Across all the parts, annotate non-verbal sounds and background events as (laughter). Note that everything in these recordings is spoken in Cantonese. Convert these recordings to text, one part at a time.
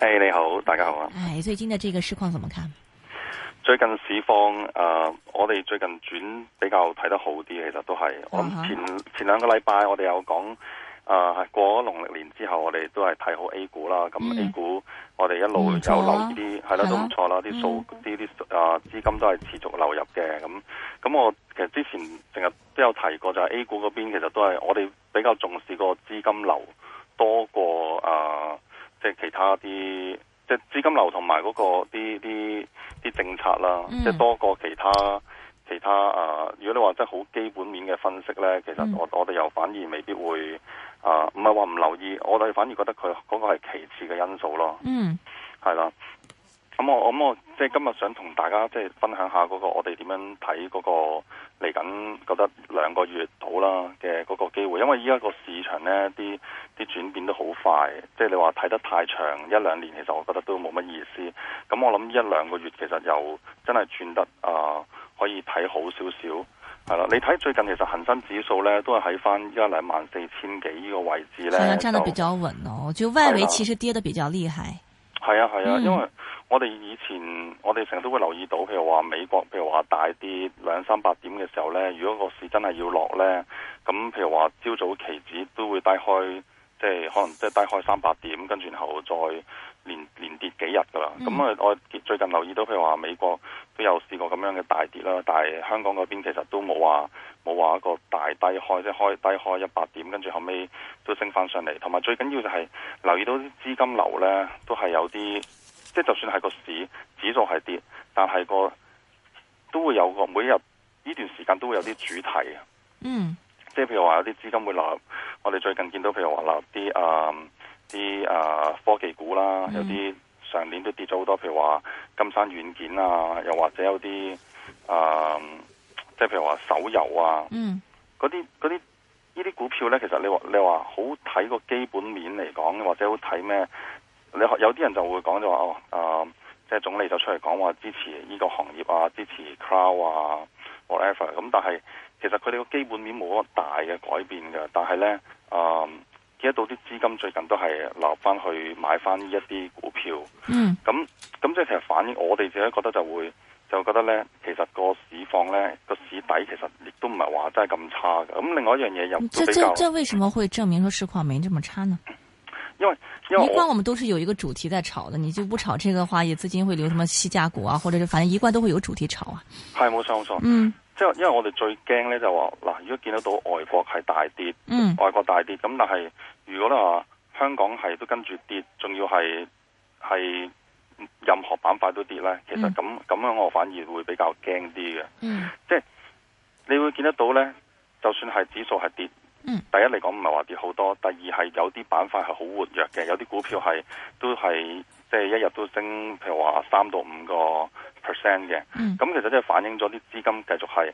誒，hey, 你好，大家好啊！誒，最近嘅這個市況怎麼看？最近市況誒、呃，我哋最近轉比較睇得好啲，其實都係。哇我諗前哇前兩個禮拜我哋有講誒、呃，過咗農曆年之後，我哋都係睇好 A 股啦。咁、嗯、A 股我哋一路有留意啲，係啦、嗯、都唔錯啦，啲的、嗯、數啲啲誒資金都係持續流入嘅。咁咁我其實之前成日都有提過，就係 A 股嗰邊其實都係我哋比較重視個資金流多過誒。呃即係其他啲，即係資金流同埋嗰個啲啲啲政策啦，嗯、即係多過其他其他啊！如果你話即係好基本面嘅分析咧，其實我、嗯、我哋又反而未必會啊，唔係話唔留意，我哋反而覺得佢嗰個係其次嘅因素咯，嗯，係啦。咁、嗯、我咁、嗯、我即係今日想同大家即係分享下嗰個我哋點樣睇嗰個嚟緊覺得兩個月到啦嘅嗰個機會，因為依家個市場咧啲啲轉變都好快，即係你話睇得太長一兩年，其實我覺得都冇乜意思。咁我諗一兩個月其實又真係轉得啊、呃，可以睇好少少係啦。你睇最近其實恒生指數咧都係喺翻依家兩萬四千幾呢個位置咧，現在站得比較穩哦。就外圍其實跌得比較厲害，係啊係啊，因為。嗯我哋以前，我哋成日都會留意到，譬如話美國，譬如話大跌兩三百點嘅時候呢，如果個市真係要落呢，咁譬如話朝早期指都會低開，即係可能即係低開三百點，跟住然後再連連跌幾日噶啦。咁啊、嗯，我最近留意到，譬如話美國都有試過咁樣嘅大跌啦，但係香港嗰邊其實都冇話冇話一個大低開，即係開低開一百點，跟住後尾都升翻上嚟。同埋最緊要就係留意到啲資金流呢，都係有啲。即係就算係個市指數係跌，但係個都會有個每一日呢段時間都會有啲主題啊。嗯，即係譬如話有啲資金會流入，我哋最近見到譬如話流入啲啊啲啊科技股啦，嗯、有啲上年都跌咗好多，譬如話金山軟件啊，又或者有啲啊，即係譬如話手遊啊，嗯，嗰啲嗰啲呢啲股票咧，其實你話你話好睇個基本面嚟講，或者好睇咩？你有啲人就會講、呃、就話哦，即係總理就出嚟講話支持呢個行業啊，支持 crow 啊，whatever。咁但係其實佢哋個基本面冇咁大嘅改變嘅，但係咧，誒、呃，見得到啲資金最近都係留翻去買翻呢一啲股票。嗯。咁咁即係其實反映我哋自己覺得就會就覺得咧，其實個市況咧個市底其實亦都唔係話真係咁差。咁另外一樣嘢又比較。即這這，這為什麼會證明說市況沒這麼差呢？因為，一般我，我們都是有一個主題在炒的，你就不炒這個話，也資金會留什麼細價股啊，或者反正一貫都會有主題炒啊。係冇錯冇錯。錯嗯，即係因為我哋最驚呢就話嗱，如果見得到外國係大跌，嗯、外國大跌咁，但係如果咧話香港係都跟住跌，仲要係係任何板塊都跌呢，其實咁咁樣、嗯、我反而會比較驚啲嘅。嗯，即係你會見得到呢，就算係指數係跌。嗯，第一嚟講唔係話跌好多，第二係有啲板塊係好活躍嘅，有啲股票係都係即係一日都升，譬如話三到五個 percent 嘅。咁、嗯、其實即係反映咗啲資金繼續係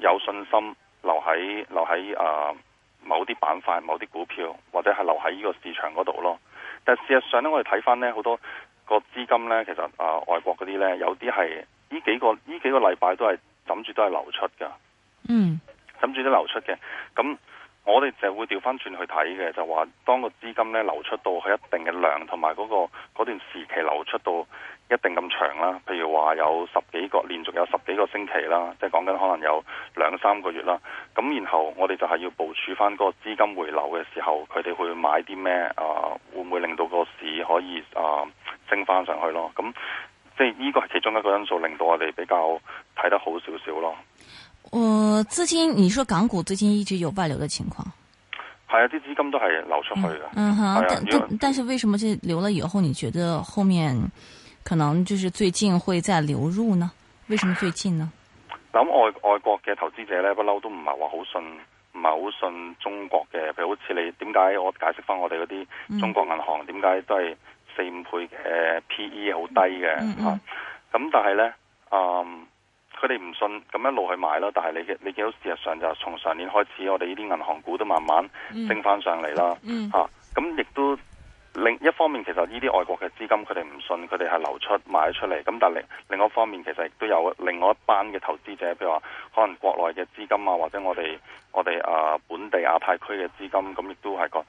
有信心留喺留喺誒某啲板塊、某啲股票，或者係留喺呢個市場嗰度咯。但係事實上咧，我哋睇翻咧好多個資金咧，其實誒、呃、外國嗰啲咧，有啲係呢幾個呢幾個禮拜都係諗住都係流出噶，嗯，諗住都流出嘅，咁。我哋就會調翻轉去睇嘅，就話當個資金咧流出到係一定嘅量，同埋嗰嗰段時期流出到一定咁長啦。譬如話有十幾個年，連續有十幾個星期啦，即係講緊可能有兩三個月啦。咁然後我哋就係要部署翻個資金回流嘅時候，佢哋會買啲咩啊？會唔會令到個市可以啊升翻上去咯？咁即係呢個係其中一個因素，令到我哋比較睇得好少少咯。我、呃、資金，你說港股最近一直有外流的情況，係啊，啲資金都係流出去嘅、啊。嗯哼，對但為但但是為什麼就流了以後，你覺得後面可能就是最近會再流入呢？為什麼最近呢？咁外外國嘅投資者咧，不嬲都唔係話好信，唔係好信中國嘅，譬如好似你點解我解釋翻我哋嗰啲中國銀行點解都係四五倍嘅 PE 好低嘅，嗯咁但係咧，嗯。嗯嗯但是呢嗯佢哋唔信，咁一路去買咯，但係你嘅，你見到事實上就係從上年開始，我哋呢啲銀行股都慢慢升翻上嚟啦。吓，咁亦都另一方面，其實呢啲外國嘅資金佢哋唔信，佢哋係流出買出嚟。咁但係另一方面，其實亦都有另外一班嘅投資者，譬如話可能國內嘅資金啊，或者我哋我哋啊本地亞太區嘅資金，咁亦都係個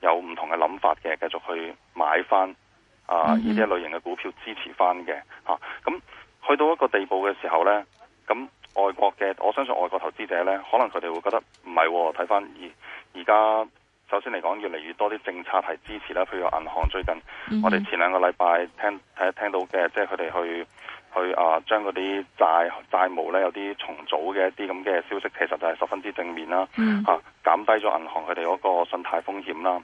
有唔同嘅諗法嘅，繼續去買翻啊呢啲、嗯嗯、類型嘅股票支持翻嘅。吓、啊、咁。去到一個地步嘅時候呢，咁外國嘅，我相信外國投資者呢，可能佢哋會覺得唔係喎，睇翻而而家首先嚟講，越嚟越多啲政策係支持啦，譬如銀行最近我，我哋前兩個禮拜聽睇聽到嘅，即係佢哋去去啊將嗰啲債債務呢有啲重組嘅一啲咁嘅消息，其實就係十分之正面啦，吓、mm hmm. 啊，減低咗銀行佢哋嗰個信貸風險啦。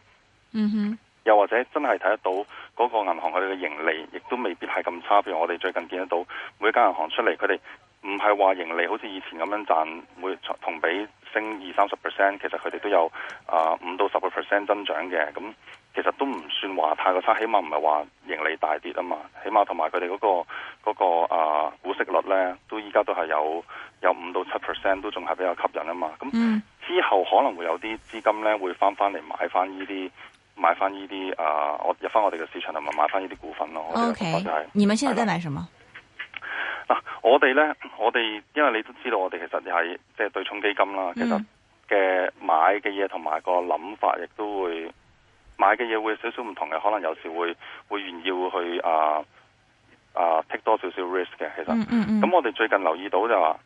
嗯哼、mm。Hmm. 又或者真係睇得到嗰個銀行佢哋嘅盈利，亦都未必係咁差。譬如我哋最近見得到每一間銀行出嚟，佢哋唔係話盈利好似以前咁樣賺每同比升二三十 percent，其實佢哋都有啊五到十個 percent 增長嘅。咁其實都唔算話太過差，起碼唔係話盈利大跌啊嘛。起碼同埋佢哋嗰個嗰、嗰個啊股息率呢，都依家都係有有五到七 percent 都仲係比較吸引啊嘛。咁之後可能會有啲資金呢，會翻翻嚟買翻呢啲。買翻呢啲啊！入我入翻我哋嘅市場同埋買翻呢啲股份咯。O、oh, K，okay. 你們現在在買什麼？嗱，我哋咧，我哋，因為你都知道，我哋其實係即係對沖基金啦。嗯、其實嘅買嘅嘢，同埋個諗法，亦都會買嘅嘢會有少少唔同嘅。可能有時會會願意去啊啊 take 多少少 risk 嘅。其實咁，嗯嗯嗯、我哋最近留意到就係話，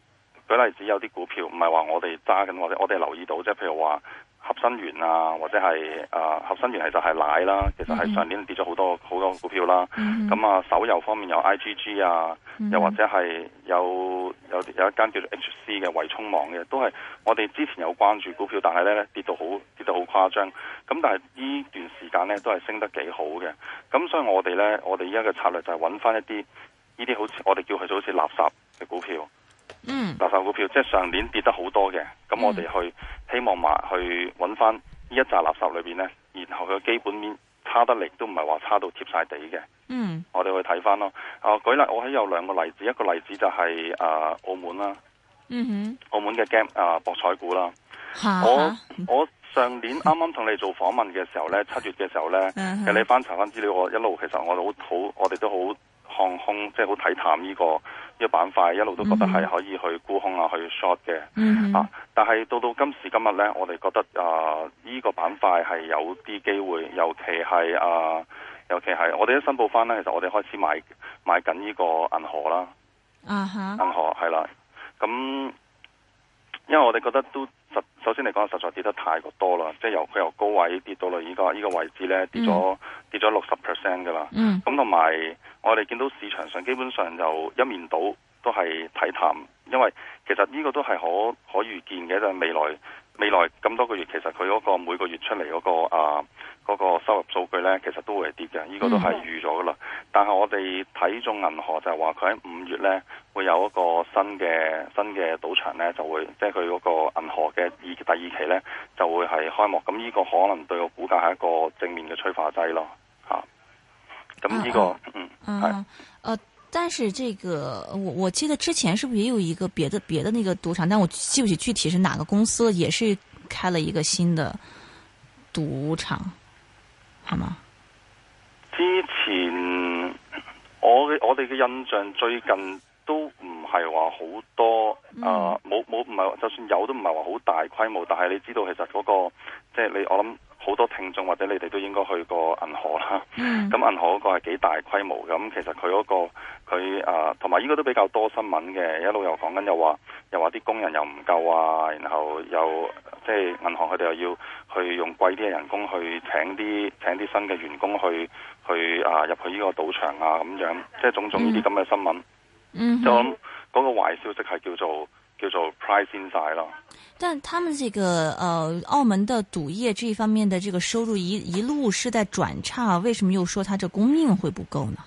舉例子，有啲股票，唔係話我哋揸緊，我哋我哋留意到，即係譬如話。合生元啊，或者係啊合生元其實就係奶啦，其實係上年跌咗好多好、mm hmm. 多股票啦。咁、mm hmm. 啊，手遊方面有 I G G 啊，mm hmm. 又或者係有有有一間叫做 H C 嘅衞冲網嘅，都係我哋之前有關注股票，但係咧跌到好跌到好誇張。咁但係呢段時間咧都係升得幾好嘅。咁所以我哋咧，我哋依家嘅策略就係揾翻一啲呢啲好似我哋叫佢做好似垃圾嘅股票，嗯，垃圾股票即係上年跌得好多嘅，咁我哋去、嗯、希望埋去揾翻呢一紮垃圾裏邊咧，然後佢嘅基本面差得嚟都唔係話差到貼晒地嘅。嗯，我哋去睇翻咯。啊，舉例我喺有兩個例子，一個例子就係誒澳門啦，嗯、啊、哼，澳門嘅 game 啊博彩股啦、啊。我我上年啱啱同你做訪問嘅時候咧，七月嘅時候咧，啊啊、其實你翻查翻資料，我一路其實我好好，我哋都好。航空即係好睇淡呢個呢個板塊，一路都覺得係可以去沽空啊，mm hmm. 去 short 嘅、mm hmm. 啊。但係到到今時今日呢，我哋覺得啊，呢個板塊係有啲機會，尤其係啊，尤其係我哋一申報翻呢，其實我哋開始買買緊呢個銀河啦，uh huh. 銀河係啦，咁。嗯因為我哋覺得都實，首先嚟講實在跌得太過多啦，即係由佢由高位跌到嚟依個依個位置咧，跌咗、mm. 跌咗六十 percent 㗎啦。咁同埋我哋見到市場上基本上就一面倒都係睇淡，因為其實呢個都係可可預見嘅，就係未來。未來咁多個月，其實佢嗰個每個月出嚟嗰、嗰個啊，嗰、嗰個、收入數據呢，其實都會係跌嘅。呢、呢個都係預咗噶啦。嗯、但係我哋睇中銀河就係話佢喺五月呢會有一個新嘅新嘅賭場呢，就會即係佢嗰個銀河嘅二第二期呢，就會係開幕。咁呢個可能對個股價係一個正面嘅催化劑咯。嚇、呢個，咁呢個嗯是嗯，我。但是這個我我記得之前是不是也有一個別的別的那個賭場，但我記不起具體是哪個公司，也是開了一個新的賭場，係嘛？之前我嘅我哋嘅印象最近都唔係話好多，嗯、啊，冇冇唔係就算有都唔係話好大規模，但係你知道其實嗰，那個即係、就是、你我諗。好多聽眾或者你哋都應該去過銀河啦、mm，咁、hmm. 銀河嗰個係幾大規模，咁其實佢嗰、嗰個佢啊，同埋應該都比較多新聞嘅，一路又講緊又話，又話啲工人又唔夠啊，然後又即係、就係、銀行佢哋又要去用貴啲嘅人工去請啲請啲新嘅員工去去啊入去呢個賭場啊咁樣，即、就、係、係、種種呢啲咁嘅新聞。嗯、mm，我諗嗰個壞消息係叫做。叫做 price in 晒咯，但他們這個、呃，澳門的賭業這一方面的這個收入一一路是在轉差，為什麼又說他這供應會不夠呢？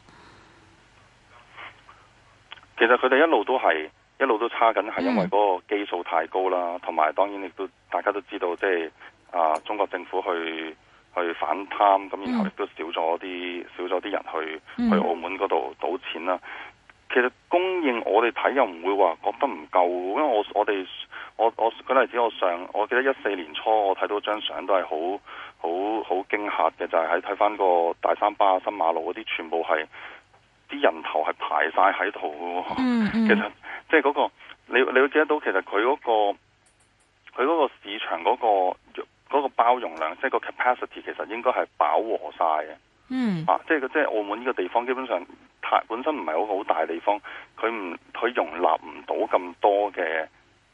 其實佢哋一路都係一路都差緊，係因為嗰個基數太高啦，同埋、嗯、當然亦都大家都知道，即係啊，中國政府去去反貪，咁然後亦都少咗啲、嗯、少咗啲人去、嗯、去澳門嗰度賭錢啦。其實供。我哋睇又唔會話覺得唔夠，因為我我哋我我舉例子我上我記得一四年初我看，我睇到張相都係好好好驚嚇嘅，就係喺睇翻個大三巴、新馬路嗰啲，全部係啲人頭係排晒喺度。嗯，其實即係嗰個你你會見得到，其實佢嗰個佢嗰個市場嗰個嗰個包容量，即係個 capacity 其實應該係飽和晒嘅。嗯，啊，即係即係澳門呢個地方基本上。本身唔係好好大地方，佢唔佢容納唔到咁多嘅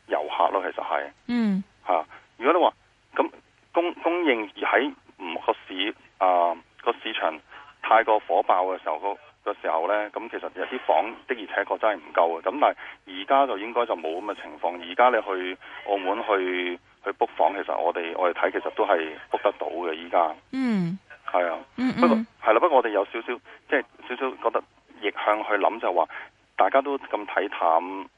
遊客咯。其實係。嗯嚇、啊。如果你話咁供供應而喺唔個市啊、個市場太過火爆嘅時候，個時候咧，咁其實有啲房的而且確真係唔夠啊。咁但係而家就應該就冇咁嘅情況。而家你去澳門去去 book 房，其實我哋我哋睇其實都係 book 得到嘅。依家嗯係啊，嗯嗯、啊，不過係啦，不過我哋有少少即係少少覺得。逆向去諗就話、是，大家都咁睇淡，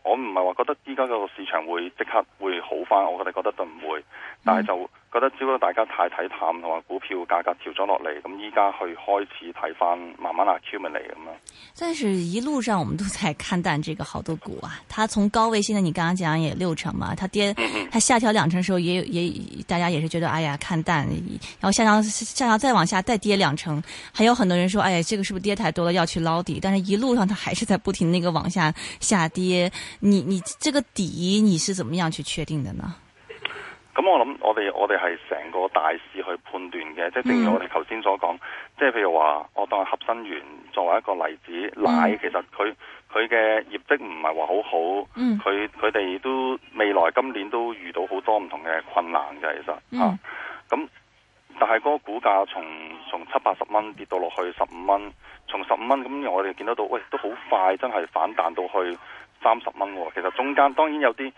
我唔係話覺得依家個市場會即刻會好翻，我哋覺得就唔會，但係就，嗯覺得只不過大家太睇淡同埋股票價格調咗落嚟，咁依家去開始睇翻，慢慢 accumulate 咁啊！但是一路上，我們都在看淡這個好多股啊。它從高位，現在你剛剛講也六成嘛，它跌，它下調兩成的時候也，也也大家也是覺得哎呀看淡，然後下調下調再往下再跌兩成，還有很多人說，哎呀，這個是不是跌太多了要去撈底？但是一路上它還是在不停那個往下下跌。你你這個底你是怎麼樣去確定的呢？咁我諗我哋我哋係成個大市去判斷嘅，即係正如我哋頭先所講，嗯、即係譬如話我當合生元作為一個例子，奶、嗯、其實佢佢嘅業績唔係話好好，佢佢哋都未來今年都遇到好多唔同嘅困難嘅，其實咁、嗯啊、但係嗰個股價從從七八十蚊跌到落去十五蚊，從十五蚊咁我哋見得到，喂，都好快真係反彈到去三十蚊，哦。其實中間當然有啲。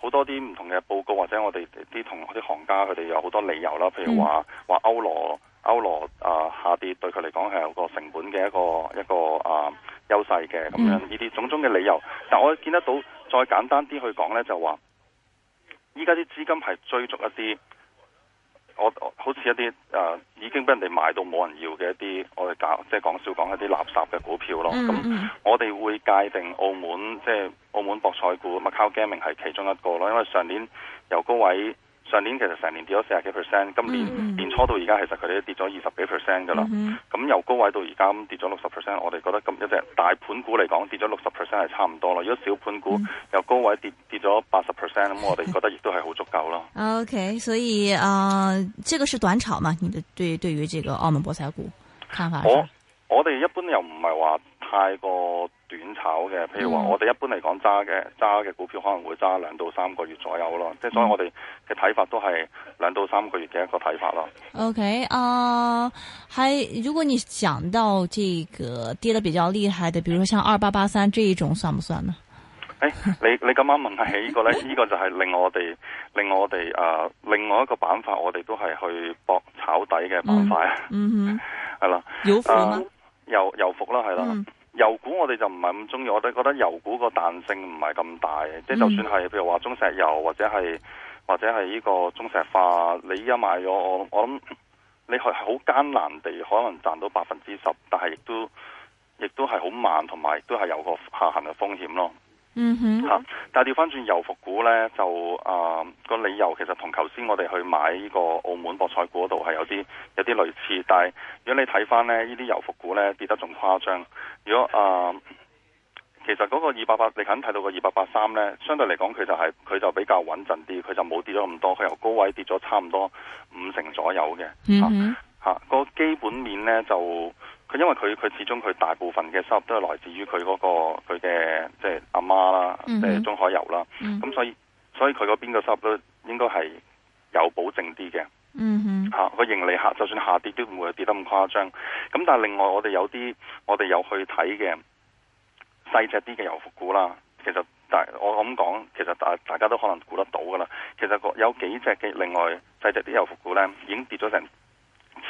好多啲唔同嘅報告，或者我哋啲同學啲行家佢哋有好多理由啦，譬如話話歐羅歐羅啊，下跌對佢嚟講係有個成本嘅一個一個啊優勢嘅咁樣呢啲種種嘅理由。但我見得到再簡單啲去講呢，就話依家啲資金係追逐一啲。我好似一啲誒、啊、已經俾人哋買到冇人要嘅一啲，我哋搞即係講少講一啲垃圾嘅股票咯。咁、mm hmm. 我哋會界定澳門，即係澳門博彩股，Macau Gaming 係其中一個咯。因為上年由高位。上年其實成年跌咗四十幾 percent，今年年初到而家其實佢哋都跌咗二十幾 percent 噶啦。咁由、嗯、哼高位到而家跌咗六十 percent，我哋覺得咁一隻大盤股嚟講跌咗六十 percent 係差唔多啦。如果小盤股由高位跌跌咗八十 percent，咁我哋覺得亦都係好足夠咯、嗯。OK，所以啊、呃，這個是短炒嘛？你的對對於這個澳門博彩股看法我？我我哋一般又唔係話。太過短炒嘅，譬如話我哋一般嚟講揸嘅揸嘅股票可能會揸兩到三個月左右咯，即係、嗯、所以我哋嘅睇法都係兩到三個月嘅一個睇法咯。OK 啊，還如果你講到呢個跌得比較厲害嘅，比如說像二八八三這一種，算不算呢？哎、你你咁啱問起呢個呢？呢 (laughs) 個就係令我哋令我哋誒、呃、另外一個板塊，我哋都係去搏炒底嘅板塊。嗯嗯，係啦，有伏有有伏啦，係啦。油股我哋就唔係咁中意，我都覺得油股個彈性唔係咁大，即係就算係譬如話中石油或者係或者係呢個中石化，你依家買咗我，我諗你係好艱難地可能賺到百分之十，但係亦都亦都係好慢，同埋都係有個下行嘅風險咯。嗯哼，吓、mm hmm. 啊，但係調翻轉油服股咧，就誒、啊，那個理由其實同頭先我哋去買呢個澳門博彩股嗰度係有啲有啲類似，但係如果你睇翻咧呢啲油服股咧，跌得仲誇張，如果誒、啊，其實嗰個二八八，你肯睇到個二八八三咧，相對嚟講佢就係、是、佢就比較穩陣啲，佢就冇跌咗咁多，佢由高位跌咗差唔多五成左右嘅，吓、mm，吓、hmm. 啊啊那個基本面咧就。佢因為佢佢始終佢大部分嘅收入都係來自於佢嗰、嗰個佢嘅即係阿媽啦，即係、mm hmm. 中海油啦，咁、mm hmm. 嗯、所以所以佢嗰邊嘅收入都應該係有保證啲嘅，嚇個、mm hmm. 啊、盈利下就算下跌都唔會跌得咁誇張。咁、嗯、但係另外我哋有啲我哋有去睇嘅細隻啲嘅油服股啦，其實大我咁講，其實大大家都可能估得到噶啦。其實有幾隻嘅另外細隻啲油服股咧已經跌咗成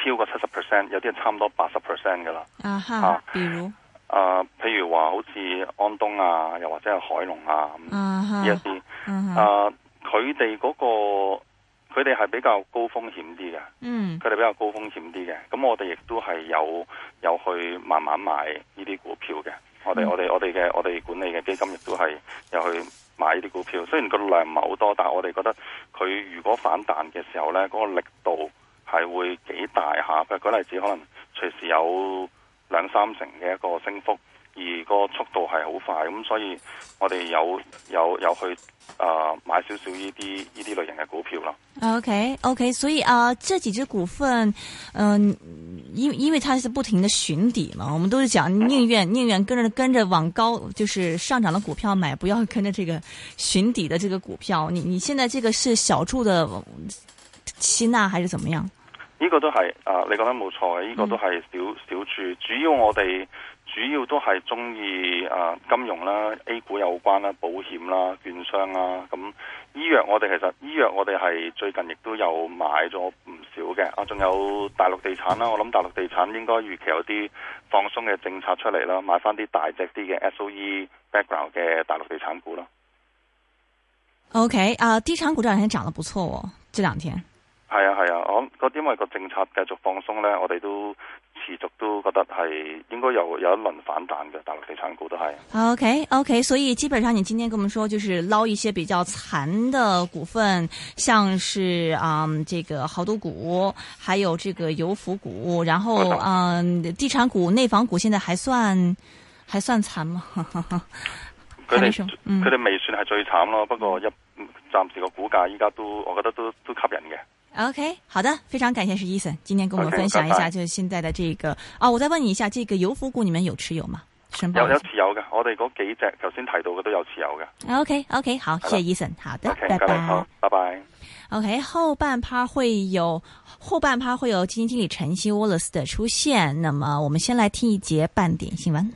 超過七十 percent，有啲係差唔多八十 percent 嘅啦。啊，譬、uh huh, uh, 如話好似安東啊，又或者係海龍啊，呢一啲啊，佢哋嗰個佢哋係比較高風險啲嘅。嗯，佢哋比較高風險啲嘅。咁我哋亦都係有有去慢慢買呢啲股票嘅。我哋、mm. 我哋我哋嘅我哋管理嘅基金亦都係有去買呢啲股票。雖然個量唔係好多，但係我哋覺得佢如果反彈嘅時候呢，嗰、嗰個力度，係會幾大下嘅，舉例子可能隨時有兩三成嘅一個升幅，而個速度係好快，咁所以我哋有有有去誒、呃、買少少呢啲呢啲類型嘅股票咯。OK OK，所以啊、呃，這幾隻股份，嗯、呃，因為因為它是不停的尋底嘛，我們都是講寧願、嗯、寧願跟着跟着，跟着往高，就是上漲的股票買，不要跟着這個尋底的這個股票。你你現在這個是小注的吸納還是怎麼樣？呢個都係啊、呃，你講得冇錯，呢、這個都係少少注。主要我哋主要都係中意啊金融啦、A 股有關啦、保險啦、券商啊。咁、嗯、醫藥我哋其實醫藥我哋係最近亦都有買咗唔少嘅。啊，仲有大陸地產啦，我諗大陸地產應該預期有啲放鬆嘅政策出嚟啦，買翻啲大隻啲嘅 S O E background 嘅大陸地產股咯。OK，啊、uh,，地產股這兩天漲得不錯哦，這兩天。係啊係啊，我個、啊、因為個政策繼續放鬆咧，我哋都持續都覺得係應該有有一輪反彈嘅，大陸地產股都係。OK OK，所以基本上你今天跟我們說，就是撈一些比較殘的股份，像是啊、嗯，這個濠賭股，還有這個油服股，然後嗯，地產股、內房股，現在還算還算殘嗎？佢哋佢哋未算係最慘咯，不過一暫時個股價依家都，我覺得都都吸引嘅。OK，好的，非常感謝，是伊森今天跟我們分享一下，就是現在的這個 okay, bye bye 啊，我再問你一下，這個油服股你們有持有嗎？什麼有有持有的我哋嗰幾隻頭先提到嘅都有持有的 OK OK，好，Right. 謝謝伊森，好的，拜拜、okay,，拜拜。OK，後半趴會有後半趴會有基金經理陳曦 Wallace 的出現，那麼我們先來聽一節半點新聞。